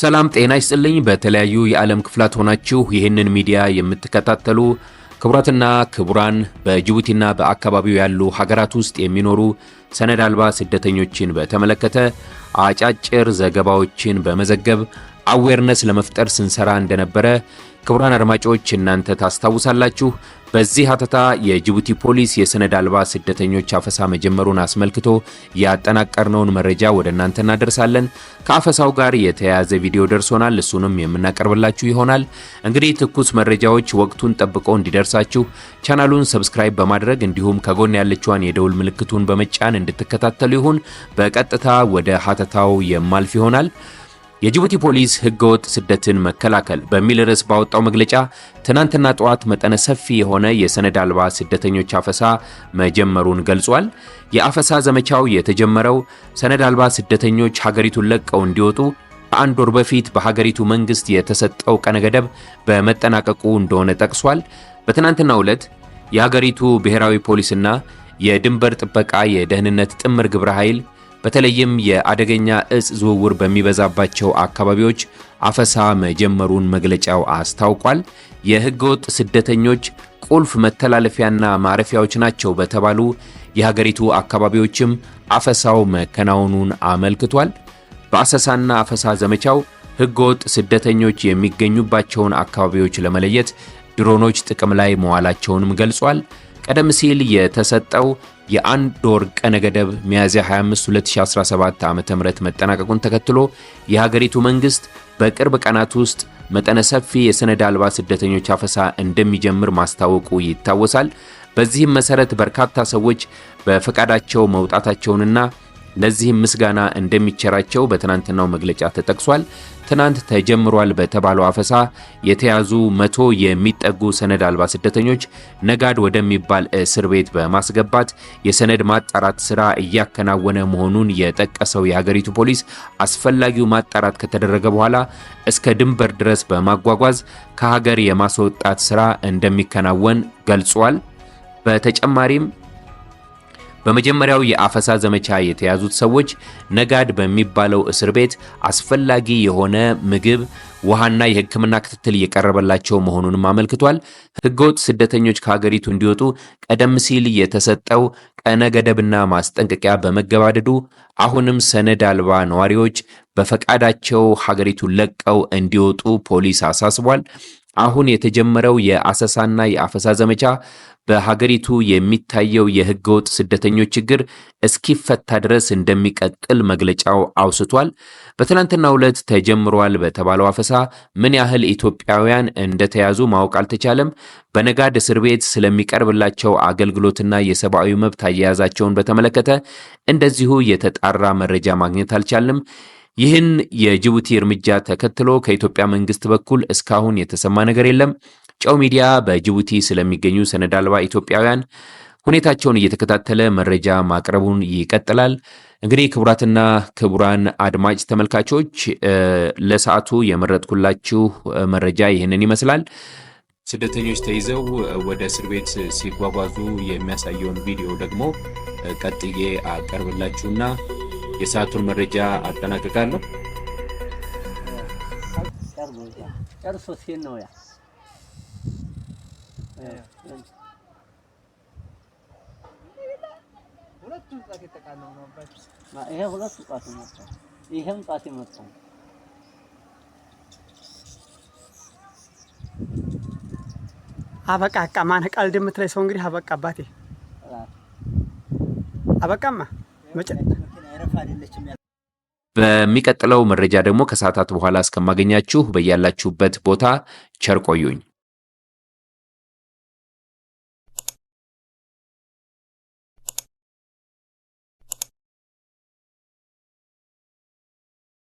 ሰላም ጤና ይስጥልኝ። በተለያዩ የዓለም ክፍላት ሆናችሁ ይህንን ሚዲያ የምትከታተሉ ክቡራትና ክቡራን በጅቡቲና በአካባቢው ያሉ ሀገራት ውስጥ የሚኖሩ ሰነድ አልባ ስደተኞችን በተመለከተ አጫጭር ዘገባዎችን በመዘገብ አዌርነስ ለመፍጠር ስንሰራ እንደነበረ ክቡራን አድማጮች እናንተ ታስታውሳላችሁ በዚህ ሀተታ የጅቡቲ ፖሊስ የሰነድ አልባ ስደተኞች አፈሳ መጀመሩን አስመልክቶ ያጠናቀርነውን መረጃ ወደ እናንተ እናደርሳለን። ከአፈሳው ጋር የተያያዘ ቪዲዮ ደርሶናል፣ እሱንም የምናቀርብላችሁ ይሆናል። እንግዲህ ትኩስ መረጃዎች ወቅቱን ጠብቆ እንዲደርሳችሁ ቻናሉን ሰብስክራይብ በማድረግ እንዲሁም ከጎን ያለችዋን የደውል ምልክቱን በመጫን እንድትከታተሉ ይሁን። በቀጥታ ወደ ሀተታው የማልፍ ይሆናል። የጅቡቲ ፖሊስ ህገወጥ ስደትን መከላከል በሚል ርዕስ ባወጣው መግለጫ ትናንትና ጠዋት መጠነ ሰፊ የሆነ የሰነድ አልባ ስደተኞች አፈሳ መጀመሩን ገልጿል። የአፈሳ ዘመቻው የተጀመረው ሰነድ አልባ ስደተኞች ሀገሪቱን ለቀው እንዲወጡ ከአንድ ወር በፊት በሀገሪቱ መንግስት የተሰጠው ቀነ ገደብ በመጠናቀቁ እንደሆነ ጠቅሷል። በትናንትናው ዕለት የሀገሪቱ ብሔራዊ ፖሊስና የድንበር ጥበቃ የደህንነት ጥምር ግብረ ኃይል በተለይም የአደገኛ እጽ ዝውውር በሚበዛባቸው አካባቢዎች አፈሳ መጀመሩን መግለጫው አስታውቋል። የህገወጥ ስደተኞች ቁልፍ መተላለፊያና ማረፊያዎች ናቸው በተባሉ የሀገሪቱ አካባቢዎችም አፈሳው መከናወኑን አመልክቷል። በአሰሳና አፈሳ ዘመቻው ህገወጥ ስደተኞች የሚገኙባቸውን አካባቢዎች ለመለየት ድሮኖች ጥቅም ላይ መዋላቸውንም ገልጿል። ቀደም ሲል የተሰጠው የአንድ ወር ቀነ ገደብ ሚያዝያ 25 2017 ዓ.ም መጠናቀቁን ተከትሎ የሀገሪቱ መንግስት በቅርብ ቀናት ውስጥ መጠነ ሰፊ የሰነድ አልባ ስደተኞች አፈሳ እንደሚጀምር ማስታወቁ ይታወሳል። በዚህም መሰረት በርካታ ሰዎች በፈቃዳቸው መውጣታቸውንና ለዚህም ምስጋና እንደሚቸራቸው በትናንትናው መግለጫ ተጠቅሷል። ትናንት ተጀምሯል በተባለው አፈሳ የተያዙ መቶ የሚጠጉ ሰነድ አልባ ስደተኞች ነጋድ ወደሚባል እስር ቤት በማስገባት የሰነድ ማጣራት ስራ እያከናወነ መሆኑን የጠቀሰው የሀገሪቱ ፖሊስ አስፈላጊው ማጣራት ከተደረገ በኋላ እስከ ድንበር ድረስ በማጓጓዝ ከሀገር የማስወጣት ስራ እንደሚከናወን ገልጿል። በተጨማሪም በመጀመሪያው የአፈሳ ዘመቻ የተያዙት ሰዎች ነጋድ በሚባለው እስር ቤት አስፈላጊ የሆነ ምግብ፣ ውሃና የሕክምና ክትትል እየቀረበላቸው መሆኑንም አመልክቷል። ሕገወጥ ስደተኞች ከሀገሪቱ እንዲወጡ ቀደም ሲል የተሰጠው ቀነ ገደብና ማስጠንቀቂያ በመገባደዱ አሁንም ሰነድ አልባ ነዋሪዎች በፈቃዳቸው ሀገሪቱን ለቀው እንዲወጡ ፖሊስ አሳስቧል። አሁን የተጀመረው የአሰሳና የአፈሳ ዘመቻ በሀገሪቱ የሚታየው የህገወጥ ስደተኞች ችግር እስኪፈታ ድረስ እንደሚቀጥል መግለጫው አውስቷል። በትናንትናው ዕለት ተጀምሯል በተባለው አፈሳ ምን ያህል ኢትዮጵያውያን እንደተያዙ ማወቅ አልተቻለም። በነጋድ እስር ቤት ስለሚቀርብላቸው አገልግሎትና የሰብአዊ መብት አያያዛቸውን በተመለከተ እንደዚሁ የተጣራ መረጃ ማግኘት አልቻለም። ይህን የጅቡቲ እርምጃ ተከትሎ ከኢትዮጵያ መንግስት በኩል እስካሁን የተሰማ ነገር የለም። ጨው ሚዲያ በጅቡቲ ስለሚገኙ ሰነድ አልባ ኢትዮጵያውያን ሁኔታቸውን እየተከታተለ መረጃ ማቅረቡን ይቀጥላል። እንግዲህ ክቡራትና ክቡራን አድማጭ ተመልካቾች ለሰዓቱ የመረጥኩላችሁ መረጃ ይህንን ይመስላል። ስደተኞች ተይዘው ወደ እስር ቤት ሲጓጓዙ የሚያሳየውን ቪዲዮ ደግሞ ቀጥዬ አቀርብላችሁና የሰዓቱን መረጃ አጠናቅቃለሁ። ጨርሶ ሲል ነው ያ ይሄ ሁለቱ ጧት መጣ፣ ይሄም ጧት መጣ። ማን ቀልድ ሰው እንግዲህ አበቃ አባቴ አበቃማ መጨ በሚቀጥለው መረጃ ደግሞ ከሰዓታት በኋላ እስከማገኛችሁ በያላችሁበት ቦታ ቸር ቆዩኝ።